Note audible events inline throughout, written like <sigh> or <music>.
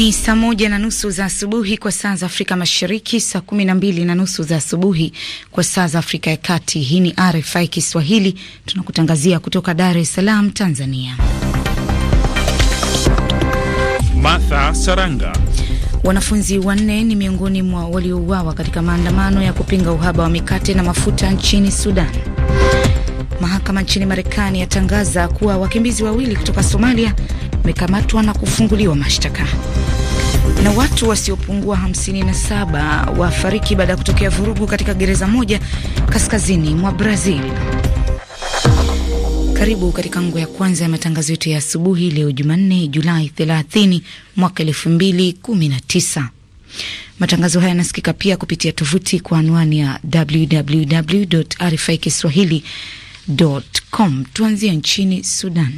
Ni saa moja na nusu za asubuhi kwa saa za Afrika Mashariki, saa kumi na mbili na nusu za asubuhi kwa saa za Afrika ya Kati. Hii ni RFI Kiswahili, tunakutangazia kutoka Dar es Salaam, Tanzania. Martha Saranga. Wanafunzi wanne ni miongoni mwa waliouawa katika maandamano ya kupinga uhaba wa mikate na mafuta nchini Sudan. Mahakama nchini Marekani yatangaza kuwa wakimbizi wawili kutoka Somalia wamekamatwa na kufunguliwa mashtaka. Na watu wasiopungua 57 wafariki baada ya kutokea vurugu katika gereza moja kaskazini mwa Brazil. Karibu katika ngo ya kwanza ya matangazo yetu ya asubuhi leo Jumanne, Julai 30 mwaka 2019. Matangazo haya yanasikika pia kupitia tovuti kwa anwani ya www RFI kiswahilicom. Tuanzie nchini Sudan.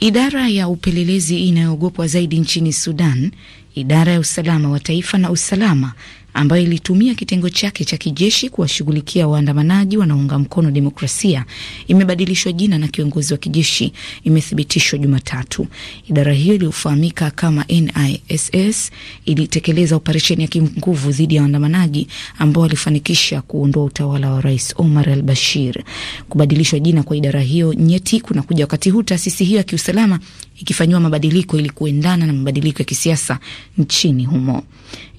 Idara ya upelelezi inayoogopwa zaidi nchini Sudan idara ya usalama wa taifa na usalama ambayo ilitumia kitengo chake cha kijeshi kuwashughulikia waandamanaji wanaounga mkono demokrasia imebadilishwa jina na kiongozi wa kijeshi, imethibitishwa Jumatatu. Idara hiyo iliyofahamika kama NISS ilitekeleza operesheni ya kinguvu dhidi ya waandamanaji ambao walifanikisha kuondoa utawala wa Rais Omar al Bashir. Kubadilishwa jina kwa idara hiyo nyeti kunakuja wakati huu taasisi hiyo ya kiusalama ikifanyiwa mabadiliko ili kuendana na mabadiliko ya kisiasa nchini humo.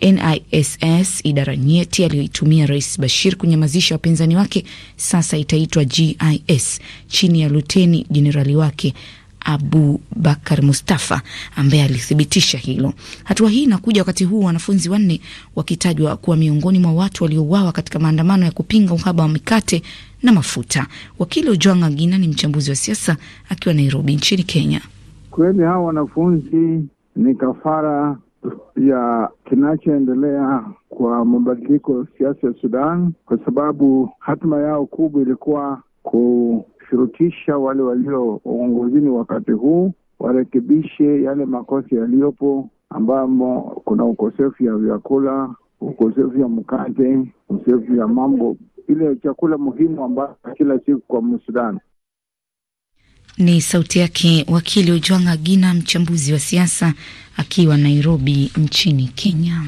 NISS, idara nyeti aliyoitumia Rais Bashir kunyamazisha wapinzani wake, sasa itaitwa GIS chini ya luteni jenerali wake Abu Bakar Mustafa ambaye alithibitisha hilo. Hatua hii inakuja wakati huu wanafunzi wanne wakitajwa kuwa miongoni mwa watu waliouawa katika maandamano ya kupinga uhaba wa mikate na mafuta. Wakili Ojwang Agina ni mchambuzi wa siasa akiwa Nairobi nchini Kenya. Kweli hawa wanafunzi ni kafara ya kinachoendelea kwa mabadiliko ya siasa ya Sudan, kwa sababu hatima yao kubwa ilikuwa kushurutisha wale walio uongozini wakati huu warekebishe yale makosa yaliyopo, ambamo kuna ukosefu ya vyakula, ukosefu ya mkate, ukosefu ya mambo ile chakula muhimu ambayo kila siku kwa Msudani. Ni sauti yake wakili Ojwanga Gina, mchambuzi wa siasa akiwa Nairobi nchini Kenya.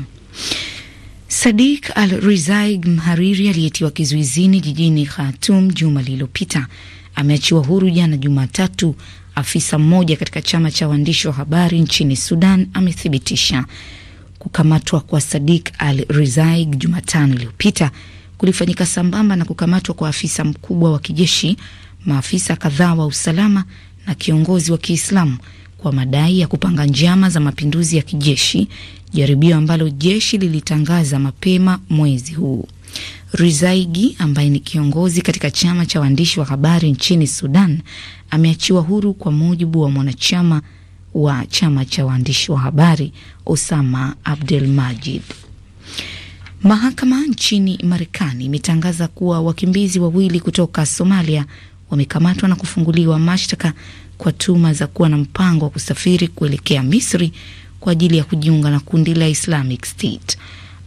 Sadik Al Rizaig, mhariri aliyetiwa kizuizini jijini Khartoum juma lililopita, ameachiwa huru jana Jumatatu. Afisa mmoja katika chama cha waandishi wa habari nchini Sudan amethibitisha kukamatwa kwa Sadik Al Rizaig Jumatano iliyopita kulifanyika sambamba na kukamatwa kwa afisa mkubwa wa kijeshi maafisa kadhaa wa usalama na kiongozi wa Kiislamu kwa madai ya kupanga njama za mapinduzi ya kijeshi, jaribio ambalo jeshi lilitangaza mapema mwezi huu. Rizaigi ambaye ni kiongozi katika chama cha waandishi wa habari nchini Sudan ameachiwa huru kwa mujibu wa mwanachama wa chama cha waandishi wa habari Osama Abdul Majid. Mahakama nchini Marekani imetangaza kuwa wakimbizi wawili kutoka Somalia wamekamatwa na kufunguliwa mashtaka kwa tuma za kuwa na mpango wa kusafiri kuelekea Misri kwa ajili ya kujiunga na kundi la Islamic State.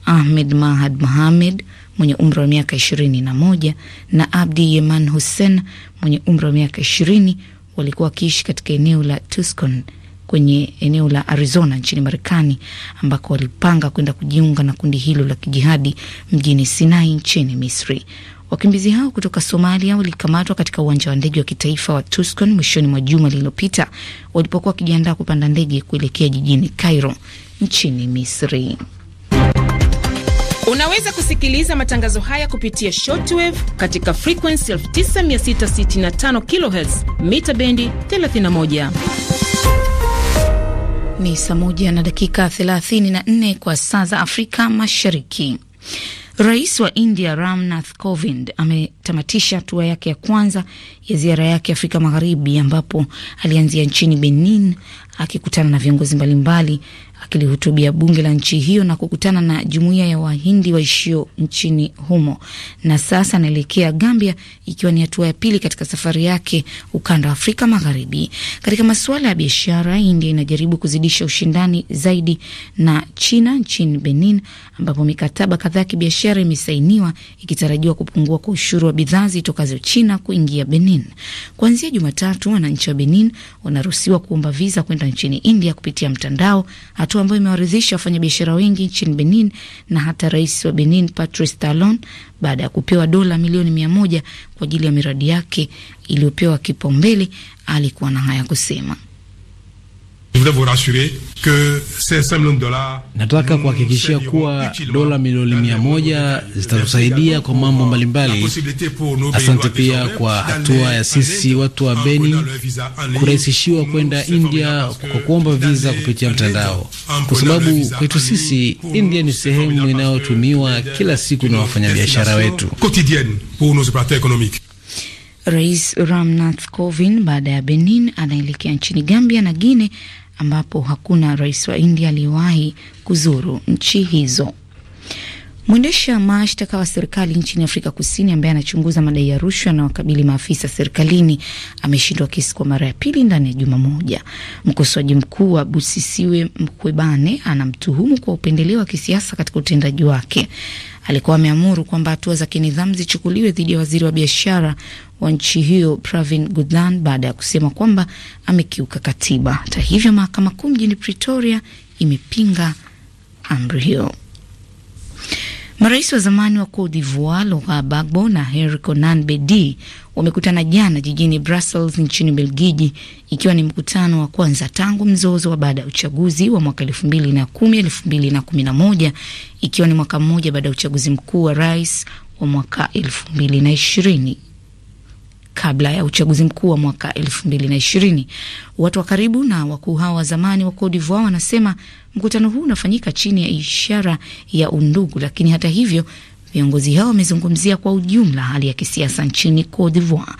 Ahmed Mahad Mohamed mwenye umri wa miaka ishirini na moja na Abdi Yeman Hussein mwenye umri wa miaka ishirini walikuwa wakiishi katika eneo la Tucson kwenye eneo la Arizona nchini Marekani ambako walipanga kwenda kujiunga na kundi hilo la kijihadi mjini Sinai nchini Misri. Wakimbizi hao kutoka Somalia walikamatwa katika uwanja wa ndege wa kitaifa wa tuscon mwishoni mwa juma lililopita walipokuwa wakijiandaa kupanda ndege kuelekea jijini Cairo nchini Misri. Unaweza kusikiliza matangazo haya kupitia shortwave katika frequency 9665 kilohertz mita bendi 31. Ni saa moja na dakika 34 kwa saa za Afrika Mashariki. Rais wa India Ramnath Kovind ametamatisha hatua yake ya kwanza ya ziara yake Afrika Magharibi, ambapo alianzia nchini Benin akikutana na viongozi mbalimbali, akilihutubia bunge la nchi hiyo na kukutana na jumuiya ya Wahindi waishio nchini humo, na sasa anaelekea Gambia, ikiwa ni hatua ya pili katika safari yake ukanda wa Afrika Magharibi. Katika masuala ya biashara, India inajaribu kuzidisha ushindani zaidi na China nchini Benin ambapo mikataba kadhaa ya kibiashara imesainiwa ikitarajiwa kupungua kwa ushuru wa bidhaa zitokazo China kuingia Benin. Kuanzia Jumatatu, wananchi wa Benin wanaruhusiwa kuomba viza kwenda nchini India kupitia mtandao, hatua ambayo imewaridhisha wafanyabiashara wengi nchini Benin na hata rais wa Benin Patrice Talon baada ya kupewa dola milioni mia moja kwa ajili ya miradi yake iliyopewa kipaumbele. Alikuwa na haya kusema. Nataka kuhakikishia kuwa dola milioni mia moja zitatusaidia kwa mambo mbalimbali. Asante pia kwa hatua ya sisi watu wa Beni kurahisishiwa kwenda India kwa kuomba viza kupitia mtandao, kwa sababu kwetu sisi India ni sehemu inayotumiwa kila siku na wafanyabiashara wetu. Rais Ramnath Kovin baada ya Benin anaelekea nchini Gambia na Guinea ambapo hakuna rais wa India aliyewahi kuzuru nchi hizo. Mwendesha mashtaka wa serikali nchini Afrika Kusini ambaye anachunguza madai ya rushwa na wakabili maafisa serikalini ameshindwa kesi kwa mara ya pili ndani ya juma moja. Mkosoaji mkuu wa Busisiwe mkwebane anamtuhumu kwa upendeleo wa kisiasa katika utendaji wake alikuwa ameamuru kwamba hatua za kinidhamu zichukuliwe dhidi ya waziri wa biashara wa nchi hiyo Pravin Gordhan baada ya kusema kwamba amekiuka katiba. Hata hivyo, mahakama kuu mjini Pretoria imepinga amri hiyo. Marais wa zamani wa Cote d'Ivoire Laurent Gbagbo na Henri Konan Bedi wamekutana jana jijini Brussels nchini belgiji ikiwa ni mkutano wa kwanza tangu mzozo wa baada ya uchaguzi wa mwaka elfu mbili na kumi elfu mbili na kumi na moja ikiwa ni mwaka mmoja baada ya uchaguzi mkuu wa rais wa mwaka elfu mbili na ishirini kabla ya uchaguzi mkuu wa mwaka elfu mbili na ishirini. Watu wa karibu na wakuu hao wa zamani wa Cote d'Ivoire wanasema mkutano huu unafanyika chini ya ishara ya undugu, lakini hata hivyo Viongozi hao wamezungumzia kwa ujumla hali ya kisiasa nchini Cote d'Ivoire,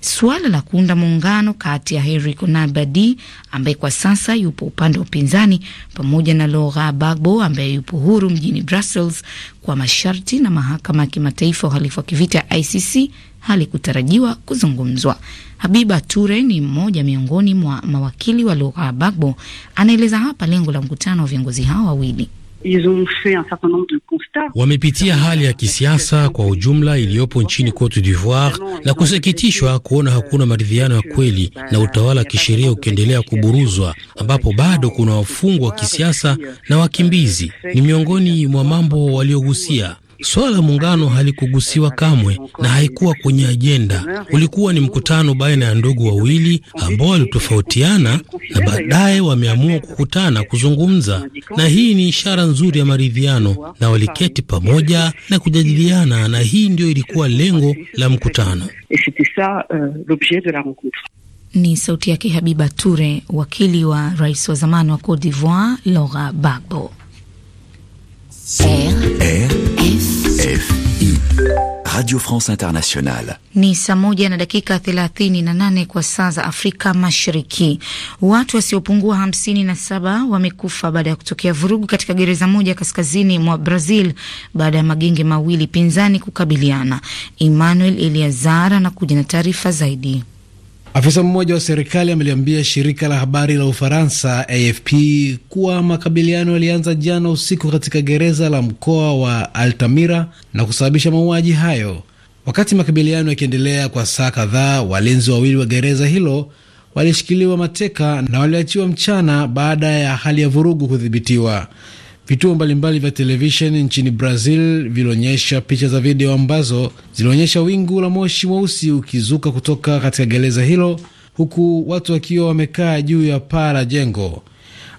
suala la kuunda muungano kati ya Henri Konan ambaye kwa sasa yupo upande wa upinzani pamoja na Laurent Gbagbo ambaye yupo huru mjini Brussels kwa masharti na mahakama ya kimataifa ya uhalifu wa kivita ICC halikutarajiwa kuzungumzwa. Habiba Ture ni mmoja miongoni mwa mawakili wa Laurent Gbagbo, anaeleza hapa lengo la mkutano wa viongozi hao wawili wamepitia hali ya kisiasa kwa ujumla iliyopo nchini Cote d'Ivoire na kusikitishwa kuona hakuna maridhiano ya kweli na utawala wa kisheria ukiendelea kuburuzwa, ambapo bado kuna wafungwa wa kisiasa na wakimbizi ni miongoni mwa mambo waliogusia. Suala la muungano halikugusiwa kamwe na haikuwa kwenye ajenda. Ulikuwa ni mkutano baina ya ndugu wawili ambao walitofautiana na baadaye wameamua kukutana kuzungumza, na hii ni ishara nzuri ya maridhiano, na waliketi pamoja na kujadiliana, na hii ndio ilikuwa lengo la mkutano. Ni sauti yake Habiba Ture, wakili wa rais wa zamani wa Cote d'Ivoire Laurent Gbagbo. RFI Radio France Internationale. Ni saa moja na dakika 38 na nane kwa saa za Afrika Mashariki. Watu wasiopungua hamsini na saba wamekufa baada ya kutokea vurugu katika gereza moja kaskazini mwa Brazil baada ya magenge mawili pinzani kukabiliana. Emmanuel Eliazar anakuja na taarifa zaidi. Afisa mmoja wa serikali ameliambia shirika la habari la Ufaransa AFP kuwa makabiliano yalianza jana usiku katika gereza la mkoa wa Altamira na kusababisha mauaji hayo. Wakati makabiliano yakiendelea kwa saa kadhaa, walinzi wawili wa gereza hilo walishikiliwa mateka na waliachiwa mchana baada ya hali ya vurugu kudhibitiwa. Vituo mbalimbali vya televisheni nchini Brazil vilionyesha picha za video ambazo zilionyesha wingu la moshi mweusi ukizuka kutoka katika gereza hilo huku watu wakiwa wamekaa juu ya paa la jengo.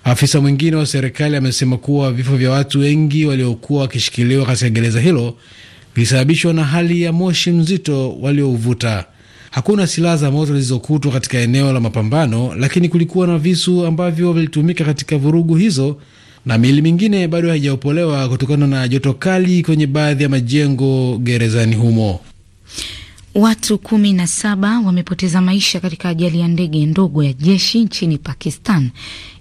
Afisa mwingine wa serikali amesema kuwa vifo vya watu wengi waliokuwa wakishikiliwa katika gereza hilo vilisababishwa na hali ya moshi mzito waliouvuta. Hakuna silaha za moto zilizokutwa katika eneo la mapambano, lakini kulikuwa na visu ambavyo vilitumika katika vurugu hizo na miili mingine bado haijaopolewa kutokana na joto kali kwenye baadhi ya majengo gerezani humo. Watu kumi na saba wamepoteza maisha katika ajali ya ndege ndogo ya jeshi nchini Pakistan,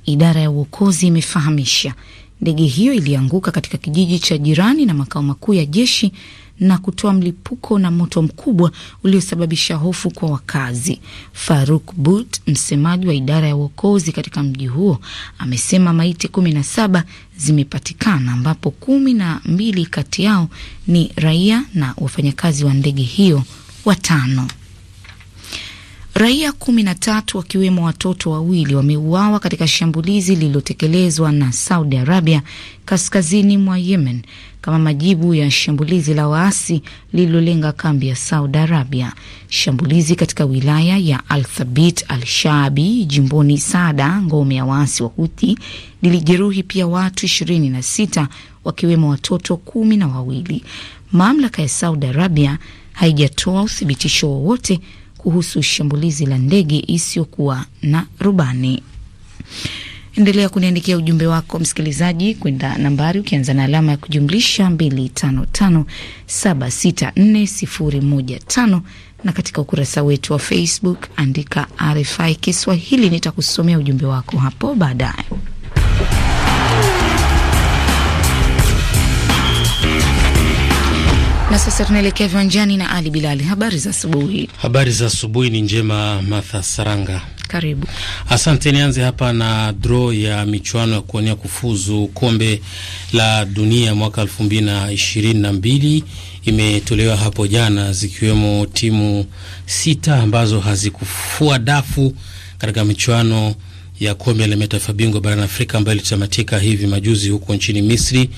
idara ya uokozi imefahamisha. Ndege hiyo ilianguka katika kijiji cha jirani na makao makuu ya jeshi na kutoa mlipuko na moto mkubwa uliosababisha hofu kwa wakazi. Faruk But, msemaji wa idara ya uokozi katika mji huo, amesema maiti kumi na saba zimepatikana ambapo kumi na mbili kati yao ni raia na wafanyakazi wa ndege hiyo watano. Raia kumi na tatu wakiwemo watoto wawili wameuawa katika shambulizi lililotekelezwa na Saudi Arabia kaskazini mwa Yemen kama majibu ya shambulizi la waasi lililolenga kambi ya Saudi Arabia. Shambulizi katika wilaya ya Althabit Al-Shaabi jimboni sada ngome ya waasi wa Huthi, lilijeruhi pia watu ishirini na sita wakiwemo watoto kumi na wawili. Mamlaka ya Saudi Arabia haijatoa uthibitisho wowote kuhusu shambulizi la ndege isiyokuwa na rubani. Endelea kuniandikia ujumbe wako msikilizaji, kwenda nambari ukianza na alama ya kujumlisha 25576401 na katika ukurasa wetu wa Facebook andika RFI Kiswahili. Nitakusomea ujumbe wako hapo baadaye. Na sasa tunaelekea viwanjani na Ali Bilali. Habari za asubuhi. Habari za asubuhi ni njema, Martha Saranga. Karibu. Asante, nianze hapa na draw ya michuano ya kuonea kufuzu kombe la dunia mwaka elfu mbili na ishirini na mbili imetolewa hapo jana, zikiwemo timu sita ambazo hazikufua dafu katika michuano ya kombe la mataifa bingwa barani Afrika ambayo ilitamatika hivi majuzi huko nchini Misri.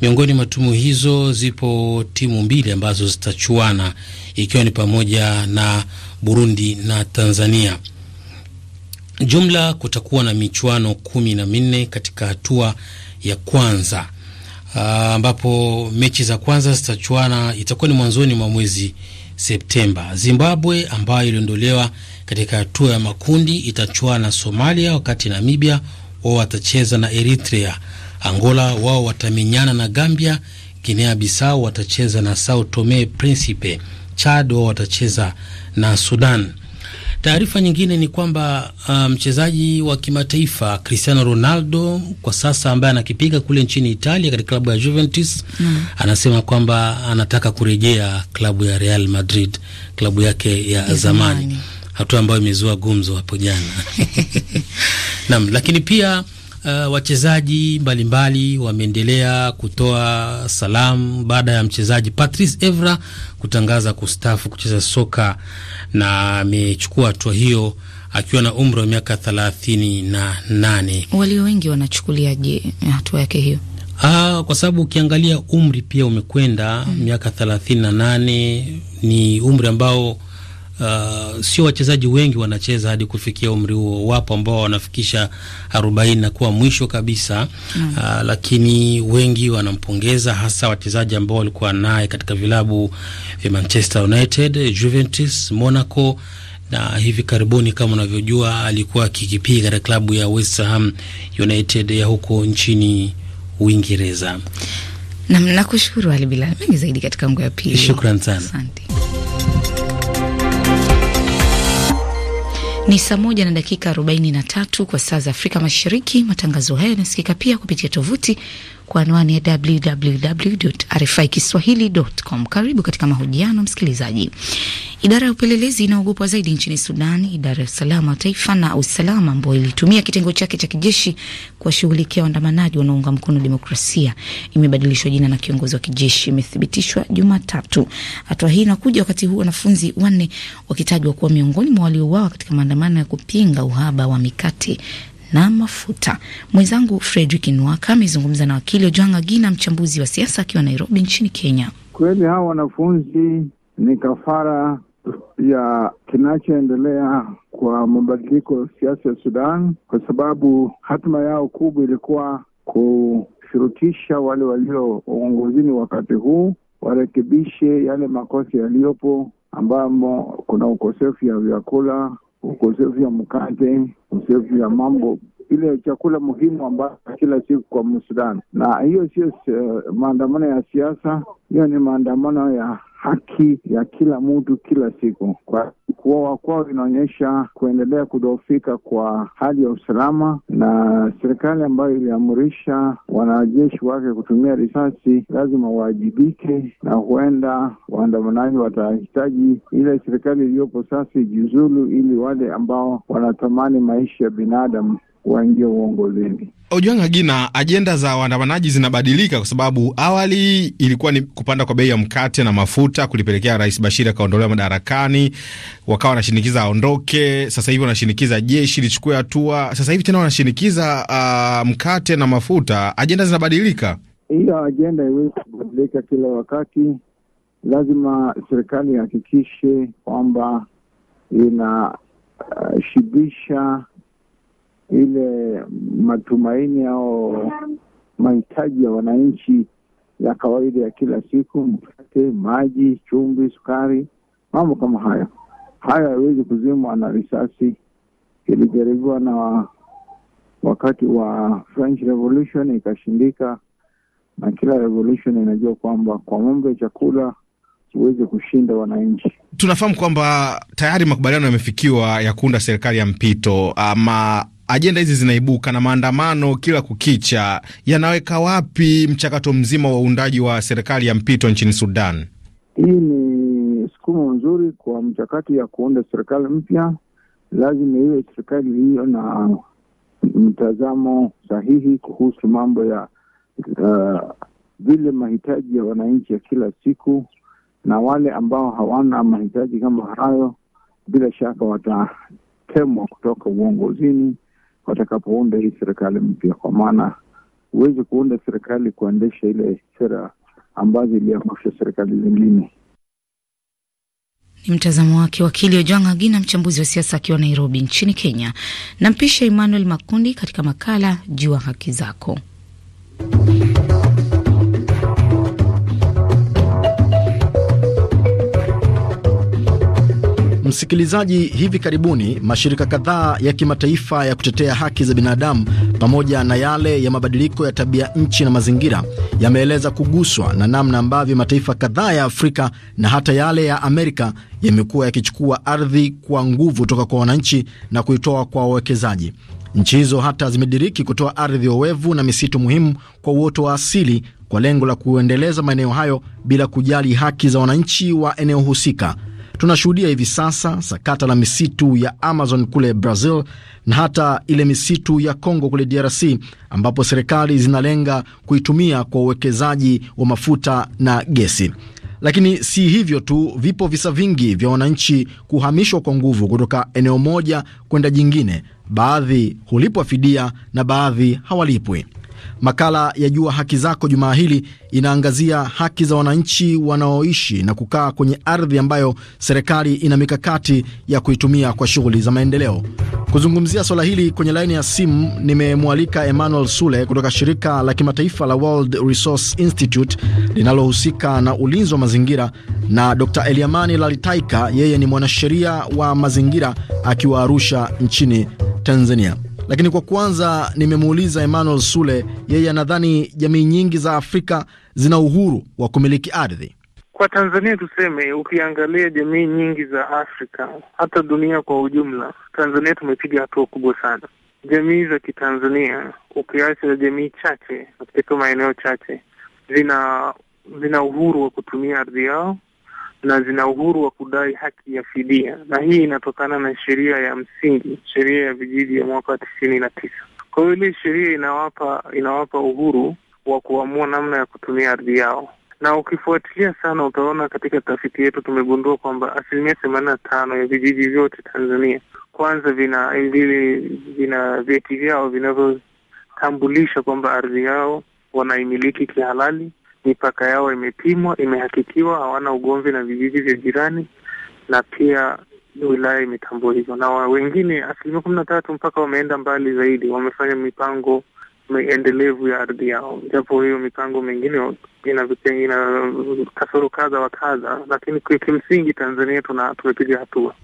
Miongoni mwa timu hizo zipo timu mbili ambazo zitachuana ikiwa ni pamoja na Burundi na Tanzania. Jumla kutakuwa na michuano kumi na minne katika hatua ya kwanza ah, ambapo uh, mechi za kwanza zitachuana, itakuwa ni mwanzoni mwa mwezi Septemba. Zimbabwe ambayo iliondolewa katika hatua ya makundi itachuana na Somalia, wakati Namibia wao watacheza na Eritrea. Angola wao watamenyana na Gambia. Guinea Bissau watacheza na Sao Tome Principe. Chad wao watacheza na Sudan. Taarifa nyingine ni kwamba uh, mchezaji wa kimataifa Cristiano Ronaldo kwa sasa ambaye anakipiga kule nchini Italia katika klabu ya Juventus mm, anasema kwamba anataka kurejea klabu ya Real Madrid, klabu yake ya zamani hatua ambayo imezua gumzo hapo jana <laughs> nam. Lakini pia uh, wachezaji mbalimbali wameendelea kutoa salamu baada ya mchezaji Patrice Evra kutangaza kustafu kucheza soka, na amechukua hatua hiyo akiwa na umri wa miaka thelathini na nane. Walio wengi wanachukuliaje eh, hatua yake hiyo? Aa, ah, kwa sababu ukiangalia umri pia umekwenda mm, miaka thelathini na nane ni umri ambao uh, sio wachezaji wengi wanacheza hadi kufikia umri huo. Wapo ambao wanafikisha arobaini na kuwa mwisho kabisa mm. Uh, lakini wengi wanampongeza hasa wachezaji ambao walikuwa naye katika vilabu vya Manchester United, Juventus, Monaco na hivi karibuni kama unavyojua alikuwa kikipiga katika klabu ya West Ham United ya huko nchini Uingereza. Nam, nakushukuru Ali Bilal, mengi zaidi katika ngo ya pili. Shukran sana, asante. Ni saa moja na dakika 43 kwa saa za Afrika Mashariki. Matangazo haya yanasikika pia kupitia tovuti kwa anwani ya www.rfikiswahili.com. Karibu katika mahojiano msikilizaji. Idara ya upelelezi inaogopwa zaidi nchini Sudan, idara ya usalama wa taifa na usalama ambayo ilitumia kitengo chake cha kijeshi kuwashughulikia waandamanaji wanaounga mkono demokrasia imebadilishwa jina na kiongozi wa kijeshi, imethibitishwa Jumatatu. Hatua hii inakuja wakati huu wanafunzi wanne wakitajwa kuwa miongoni mwa waliouawa katika maandamano ya kupinga uhaba wa mikate na mafuta. Mwenzangu Fredrick Nwaka amezungumza na wakili Ojwanga Gina, mchambuzi wa siasa akiwa Nairobi nchini Kenya. Kweli hawa wanafunzi ni kafara ya kinachoendelea kwa mabadiliko ya siasa ya Sudan, kwa sababu hatima yao kubwa ilikuwa kushurutisha wale walio uongozini wakati huu warekebishe yale makosa yaliyopo ambamo kuna ukosefu ya vyakula, ukosefu ya mkate, ukosefu ya mambo ile chakula muhimu ambayo kila siku kwa Msudani, na hiyo sio uh, maandamano ya siasa, hiyo ni maandamano ya haki ya kila mtu kila siku. Kwa kuoa kwao inaonyesha kuendelea kudhoofika kwa hali ya usalama, na serikali ambayo iliamrisha wanajeshi wake kutumia risasi lazima waajibike, na huenda waandamanaji watahitaji ile serikali iliyopo sasa ijiuzulu, ili wale ambao wanatamani maisha ya binadamu waingia uongozini. Ojwanga Gina, ajenda za waandamanaji zinabadilika kwa sababu awali ilikuwa ni kupanda kwa bei ya mkate na mafuta kulipelekea Rais Bashir akaondolewa madarakani, wakawa wanashinikiza aondoke. Sasa hivi wanashinikiza jeshi lichukue hatua, sasa hivi tena wanashinikiza uh, mkate na mafuta. Ajenda zinabadilika. Hiyo ajenda haiwezi kubadilika kila wakati. Lazima serikali ihakikishe kwamba inashibisha uh, ile matumaini au mahitaji ya wananchi ya kawaida ya kila siku, mkate, maji, chumvi, sukari, mambo kama hayo. Hayo hayawezi kuzimwa na risasi. Ilijaribiwa na wakati wa French Revolution ikashindika, na kila revolution inajua kwamba kwa mambo ya chakula huwezi kushinda wananchi. Tunafahamu kwamba tayari makubaliano yamefikiwa ya kuunda serikali ya mpito ama ajenda hizi zinaibuka na maandamano kila kukicha, yanaweka wapi mchakato mzima wa uundaji wa serikali ya mpito nchini Sudan? Hii ni sukumu nzuri kwa mchakato ya kuunda serikali mpya. Lazima iwe serikali hiyo na mtazamo sahihi kuhusu mambo ya uh, vile uh, mahitaji ya wananchi ya kila siku, na wale ambao hawana mahitaji kama hayo bila shaka watatemwa kutoka uongozini watakapounda hii serikali mpya, kwa maana huwezi kuunda serikali kuendesha ile sera ambazo iliangusha serikali zingine. Ni mtazamo wake wakili Ojwang Agina, mchambuzi wa siasa akiwa Nairobi nchini Kenya. Nampisha Emmanuel Makundi katika makala Jua Haki Zako. Msikilizaji, hivi karibuni mashirika kadhaa ya kimataifa ya kutetea haki za binadamu pamoja na yale ya mabadiliko ya tabia nchi na mazingira yameeleza kuguswa na namna ambavyo mataifa kadhaa ya Afrika na hata yale ya Amerika yamekuwa yakichukua ardhi kwa nguvu toka kwa wananchi na kuitoa kwa wawekezaji. Nchi hizo hata zimediriki kutoa ardhi owevu na misitu muhimu kwa uoto wa asili kwa lengo la kuendeleza maeneo hayo bila kujali haki za wananchi wa eneo husika. Tunashuhudia hivi sasa sakata la misitu ya Amazon kule Brazil na hata ile misitu ya Kongo kule DRC ambapo serikali zinalenga kuitumia kwa uwekezaji wa mafuta na gesi. Lakini si hivyo tu, vipo visa vingi vya wananchi kuhamishwa kwa nguvu kutoka eneo moja kwenda jingine. Baadhi hulipwa fidia na baadhi hawalipwi. Makala ya Jua Haki Zako jumaa hili inaangazia haki za wananchi wanaoishi na kukaa kwenye ardhi ambayo serikali ina mikakati ya kuitumia kwa shughuli za maendeleo. Kuzungumzia swala hili kwenye laini ya simu nimemwalika Emmanuel Sule kutoka shirika la kimataifa la World Resource Institute linalohusika na ulinzi wa mazingira na Dr Eliamani Lalitaika, yeye ni mwanasheria wa mazingira akiwa Arusha nchini Tanzania. Lakini kwa kwanza nimemuuliza Emmanuel Sule, yeye anadhani jamii nyingi za Afrika zina uhuru wa kumiliki ardhi. Kwa Tanzania tuseme, ukiangalia jamii nyingi za Afrika, hata dunia kwa ujumla, Tanzania tumepiga hatua kubwa sana. Jamii za Kitanzania, ukiacha jamii chache katika maeneo chache, zina zina uhuru wa kutumia ardhi yao na zina uhuru wa kudai haki ya fidia, na hii inatokana na sheria ya msingi, sheria ya vijiji ya mwaka wa tisini na tisa. Kwa hiyo ile sheria inawapa inawapa uhuru wa kuamua namna ya kutumia ardhi yao, na ukifuatilia sana utaona katika tafiti yetu tumegundua kwamba asilimia themanini na tano ya vijiji vyote Tanzania kwanza vina vile vina vyeti vyao vinavyotambulisha kwamba ardhi yao wanaimiliki kihalali mipaka yao imepimwa, imehakikiwa, hawana ugomvi na vijiji vya jirani, na pia wilaya imetambua hivyo, na wengine asilimia kumi na tatu mpaka wameenda mbali zaidi, wamefanya mipango endelevu ya ardhi yao, japo hiyo mipango mengine ina ina kasoro kadha wa kadha, lakini kimsingi Tanzania tuna tumepiga hatua.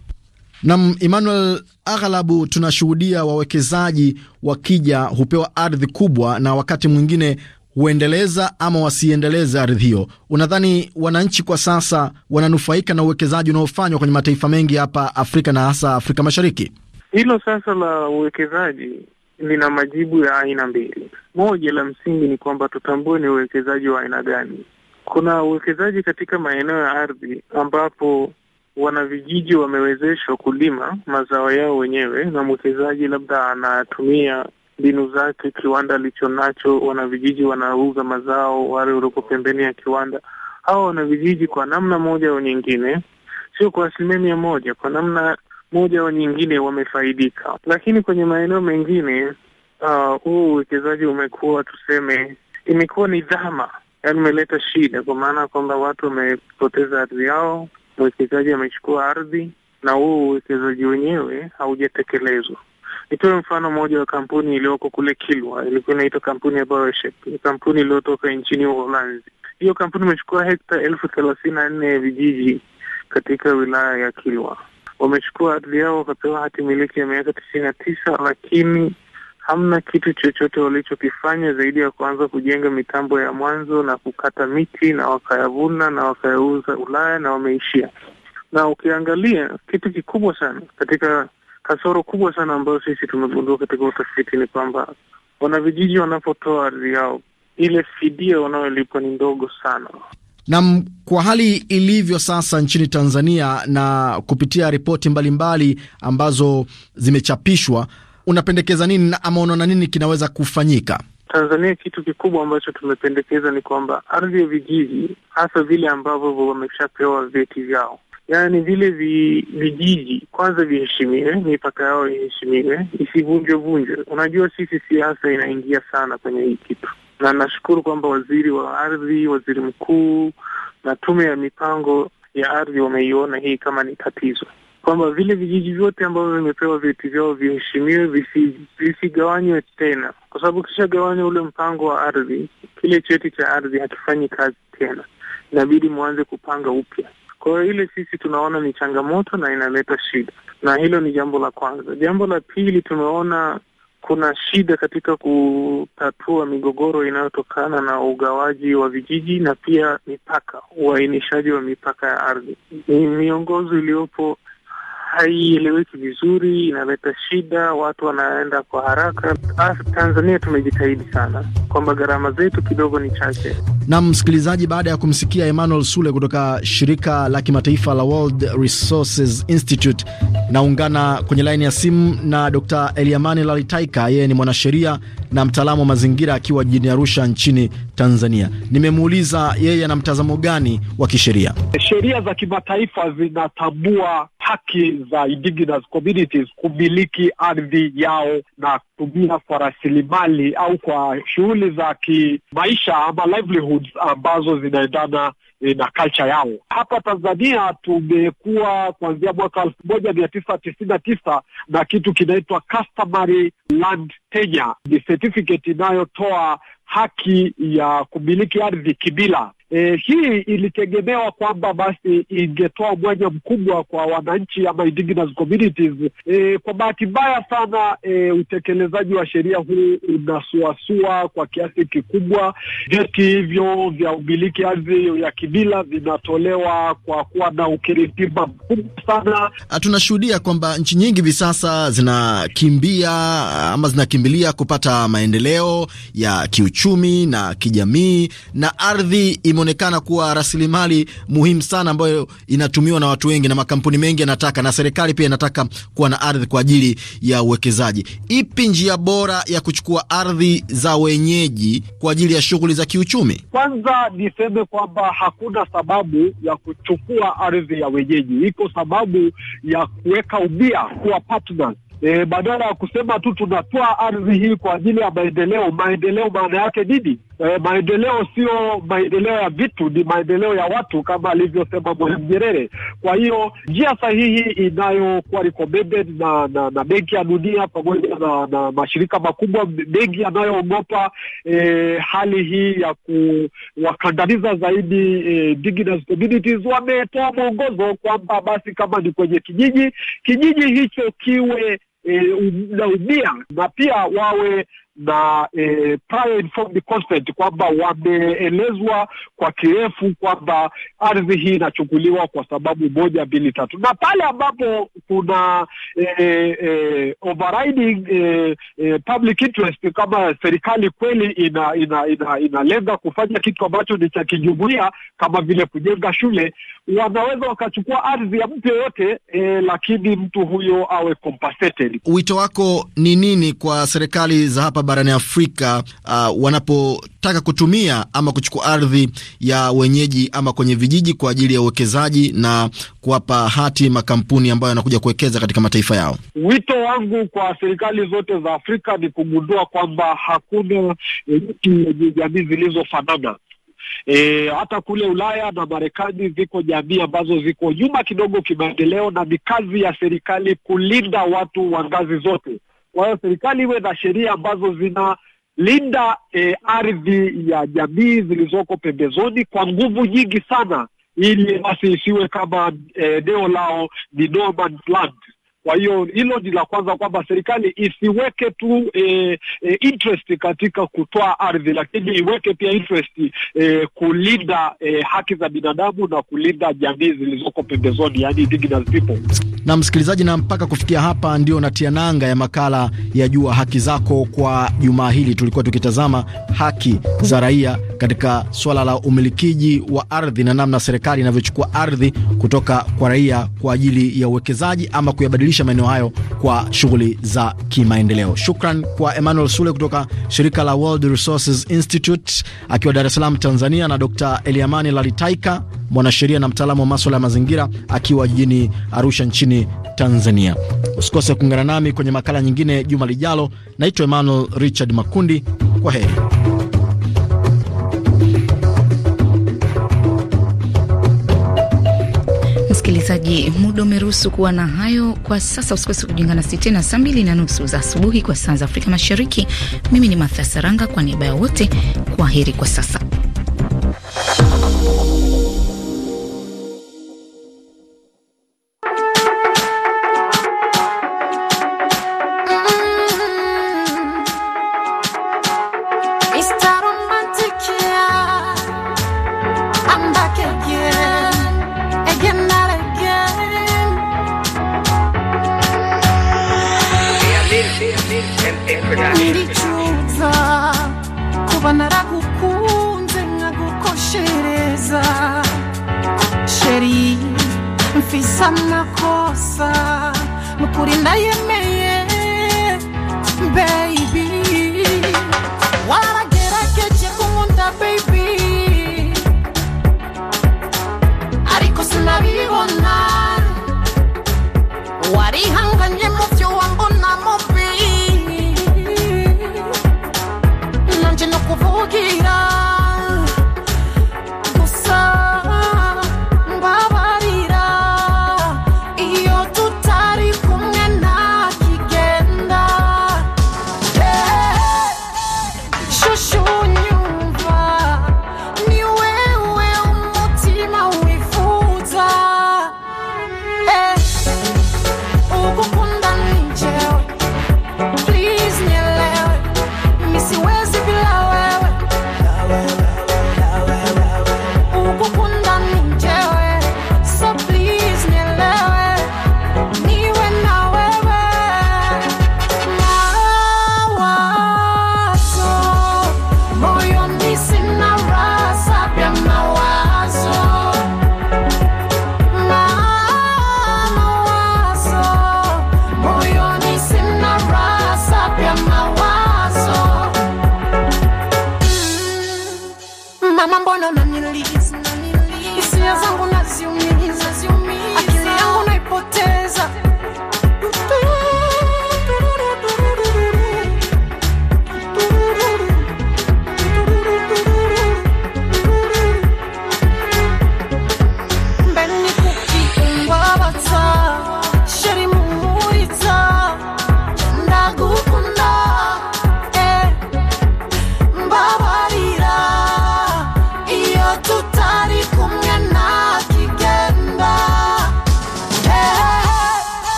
Nam Emmanuel, aghalabu tunashuhudia wawekezaji wakija hupewa ardhi kubwa, na wakati mwingine huendeleza ama wasiendeleze ardhi hiyo. Unadhani wananchi kwa sasa wananufaika na uwekezaji unaofanywa kwenye mataifa mengi hapa Afrika na hasa Afrika Mashariki? Hilo sasa la uwekezaji lina majibu ya aina mbili. Moja la msingi ni kwamba tutambue ni uwekezaji wa aina gani. Kuna uwekezaji katika maeneo ya ardhi ambapo wanavijiji wamewezeshwa kulima mazao yao wenyewe, na mwekezaji labda anatumia mbinu zake, kiwanda alichonacho, wanavijiji wanauza mazao wale walioko pembeni ya kiwanda. Hawa wanavijiji kwa namna moja au nyingine, sio kwa asilimia mia moja, kwa namna moja au nyingine wamefaidika, lakini kwenye maeneo mengine uh, huu uh, uwekezaji umekuwa tuseme, imekuwa ni dhama, yaani umeleta shida, kwa maana kwamba watu wamepoteza ardhi yao, mwekezaji amechukua ardhi na huu uwekezaji wenyewe haujatekelezwa. Nitoe mfano mmoja wa kampuni iliyoko kule Kilwa, ilikuwa inaitwa kampuni ya ni kampuni iliyotoka nchini Uholanzi. Hiyo kampuni imechukua hekta elfu thelathini na nne ya vijiji katika wilaya ya Kilwa. Wamechukua ardhi yao wakapewa hati miliki ya miaka tisini na tisa, lakini hamna kitu chochote walichokifanya zaidi ya kuanza kujenga mitambo ya mwanzo na kukata miti na wakayavuna na wakayauza Ulaya na wameishia. Na ukiangalia kitu kikubwa sana katika Kasoro kubwa sana ambayo sisi tumegundua katika utafiti ni kwamba wanavijiji wanapotoa ardhi yao, ile fidia wanayolipwa ni ndogo sana. Nam, kwa hali ilivyo sasa nchini Tanzania na kupitia ripoti mbalimbali ambazo zimechapishwa, unapendekeza nini ama unaona nini kinaweza kufanyika Tanzania? Kitu kikubwa ambacho tumependekeza ni kwamba ardhi ya vijiji, hasa vile ambavyo wameshapewa vyeti vyao, yaani vile vi, vijiji kwanza viheshimiwe, mipaka yao iheshimiwe, isivunjwe vunjwe. Unajua, sisi siasa inaingia sana kwenye hii kitu, na nashukuru kwamba waziri wa ardhi, waziri mkuu na tume ya mipango ya ardhi wameiona hii kama ni tatizo, kwamba vile vijiji vyote ambavyo vimepewa vyeti vyao viheshimiwe, visigawanywe visi tena, kwa sababu ukishagawanywa ule mpango wa ardhi, kile cheti cha ardhi hakifanyi kazi tena, inabidi mwanze kupanga upya. Kwa hiyo ile sisi tunaona ni changamoto na inaleta shida, na hilo ni jambo la kwanza. Jambo la pili, tumeona kuna shida katika kutatua migogoro inayotokana na ugawaji wa vijiji na pia mipaka, uainishaji wa mipaka ya ardhi. Miongozo iliyopo haieleweki vizuri, inaleta shida, watu wanaenda kwa haraka. Ah, Tanzania tumejitahidi sana kwamba gharama zetu kidogo ni chache. Na msikilizaji, baada ya kumsikia Emmanuel Sule kutoka shirika la kimataifa la World Resources Institute, naungana kwenye laini ya simu na Dr. Eliamani Lalitaika, yeye ni mwanasheria na mtaalamu wa mazingira akiwa jijini Arusha nchini Tanzania. Nimemuuliza yeye ana mtazamo gani wa kisheria. Sheria za kimataifa zinatambua haki za indigenous communities kumiliki ardhi yao na kutumia kwa rasilimali au kwa shughuli za kimaisha ama livelihoods ambazo zinaendana Eh, na culture yao. Hapa Tanzania tumekuwa kuanzia mwaka elfu moja mia tisa tisini na tisa na kitu kinaitwa customary land tenure, ni certificate inayotoa haki ya kumiliki ardhi kibila E, hii ilitegemewa kwamba basi ingetoa mwanya mkubwa kwa wananchi ama indigenous communities. E, kwa bahati mbaya sana e, utekelezaji wa sheria huu unasuasua kwa kiasi kikubwa. Vyeti hivyo vya umiliki ardhi ya kibila vinatolewa kwa kuwa na ukiritima mkubwa sana. Ah, tunashuhudia kwamba nchi nyingi hivi sasa zinakimbia ama zinakimbilia kupata maendeleo ya kiuchumi na kijamii na ardhi imeonekana kuwa rasilimali muhimu sana ambayo inatumiwa na watu wengi na makampuni mengi yanataka, na serikali pia inataka kuwa na ardhi kwa ajili ya uwekezaji. Ipi njia bora ya kuchukua ardhi za wenyeji kwa ajili ya shughuli za kiuchumi? Kwanza niseme kwamba hakuna sababu ya kuchukua ardhi ya wenyeji, iko sababu ya kuweka ubia kuwa partners. E, badala ya kusema tu tunatoa ardhi hii kwa ajili ya maendeleo, maendeleo maana yake nini? eh, maendeleo sio maendeleo ya vitu, ni maendeleo ya watu kama alivyosema Mwalimu Nyerere. Kwa hiyo njia sahihi inayokuwa recommended na, na, na Benki ya Dunia pamoja na, na mashirika makubwa mengi yanayoogopa eh, hali hii ya kuwakandamiza zaidi eh, indigenous communities, wametoa mwongozo kwamba basi kama ni kwenye kijiji, kijiji hicho kiwe E, um, naumia na pia wawe na eh, prior informed consent kwamba wameelezwa kwa kirefu kwamba ardhi hii inachukuliwa kwa sababu moja mbili tatu, na pale ambapo kuna eh, eh, overriding eh, public interest, kama serikali kweli ina inalenga ina, ina kufanya kitu ambacho ni cha kijumuia kama vile kujenga shule, wanaweza wakachukua ardhi ya mtu yoyote eh, lakini mtu huyo awe compensated. Wito wako ni nini kwa serikali za hapa barani Afrika uh, wanapotaka kutumia ama kuchukua ardhi ya wenyeji ama kwenye vijiji kwa ajili ya uwekezaji na kuwapa hati makampuni ambayo yanakuja kuwekeza katika mataifa yao. Wito wangu kwa serikali zote za Afrika ni kugundua kwamba hakuna eh, nchi yenye jamii zilizofanana. E, hata kule Ulaya na Marekani ziko jamii ambazo ziko nyuma kidogo kimaendeleo, na ni kazi ya serikali kulinda watu wa ngazi zote kwa hiyo serikali iwe na sheria ambazo zinalinda e, ardhi ya jamii zilizoko pembezoni kwa nguvu nyingi sana, ili basi isiwe kama eh, eneo lao ni no man's land. Kwa hiyo hilo ni la kwanza, kwamba serikali isiweke tu e, e, interest katika kutoa ardhi, lakini iweke pia interest e, kulinda e, haki za binadamu na kulinda jamii zilizoko pembezoni, yani indigenous people na msikilizaji, na mpaka kufikia hapa ndio natia nanga ya makala ya Jua Haki Zako kwa jumaa hili. Tulikuwa tukitazama haki za raia katika swala la umilikiji wa ardhi na namna serikali inavyochukua ardhi kutoka kwa raia kwa ajili ya uwekezaji ama kuyabadilisha maeneo hayo kwa shughuli za kimaendeleo. Shukran kwa Emmanuel Sule kutoka shirika la World Resources Institute akiwa Dar es Salaam, Tanzania, na Dr Eliamani Lalitaika mwanasheria na mtaalamu wa maswala ya mazingira, akiwa jijini Arusha nchini Tanzania. Usikose kuungana nami kwenye makala nyingine juma lijalo. Naitwa Emmanuel Richard Makundi, kwa heri. Msikilizaji, muda umeruhusu kuwa na hayo kwa sasa. Usikose kujiunga nasi tena saa mbili na nusu za asubuhi kwa saa za Afrika Mashariki. Mimi ni Martha Saranga, kwa niaba ya wote, kwa heri kwa sasa. ndicuza kuba naragukunze nkagukoshereza sheri mfise amakosa nukuri ndayemeye baby waragerageje kunkunda baby ariko sinabibona warihanganye ಹೋಗಿರಾ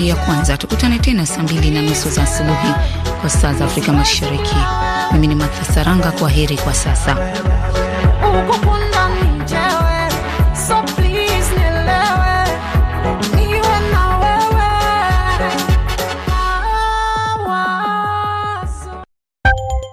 hii ya kwanza. Tukutane tena saa mbili na nusu za asubuhi kwa saa za Afrika Mashariki. Mimi ni Matha Saranga, kwa heri kwa sasa.